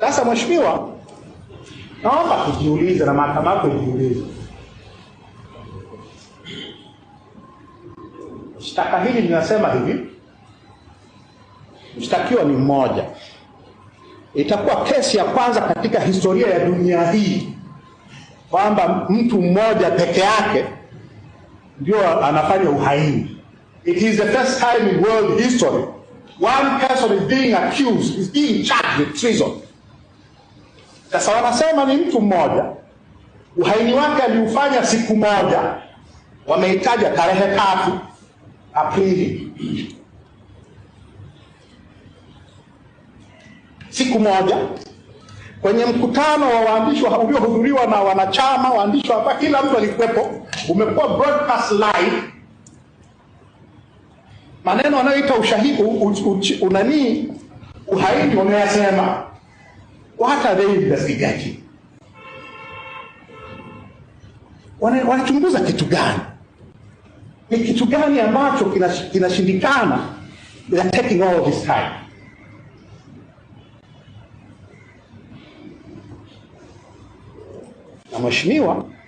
Sasa mheshimiwa, naomba kujiuliza na mahakama yako ijiulize, shtaka hili linasema hivi, mshtakiwa ni mmoja, itakuwa kesi ya kwanza katika historia ya dunia hii kwamba mtu mmoja peke yake ndio anafanya uhaini. It is the first time in world history one person is being accused, is being charged with treason sasa wanasema ni mtu mmoja, uhaini wake aliufanya siku moja, wameitaja tarehe tatu Aprili, siku moja kwenye mkutano wa waandishi uliohudhuriwa na wanachama waandishi hapa, kila mtu alikuwepo, umekuwa broadcast live. Maneno anayoita ushahidi unanii uhaini wameyasema What are they investigating? Wanachunguza kitu gani? Ni kitu gani ambacho kinashindikana? They are taking all this time. Na mheshimiwa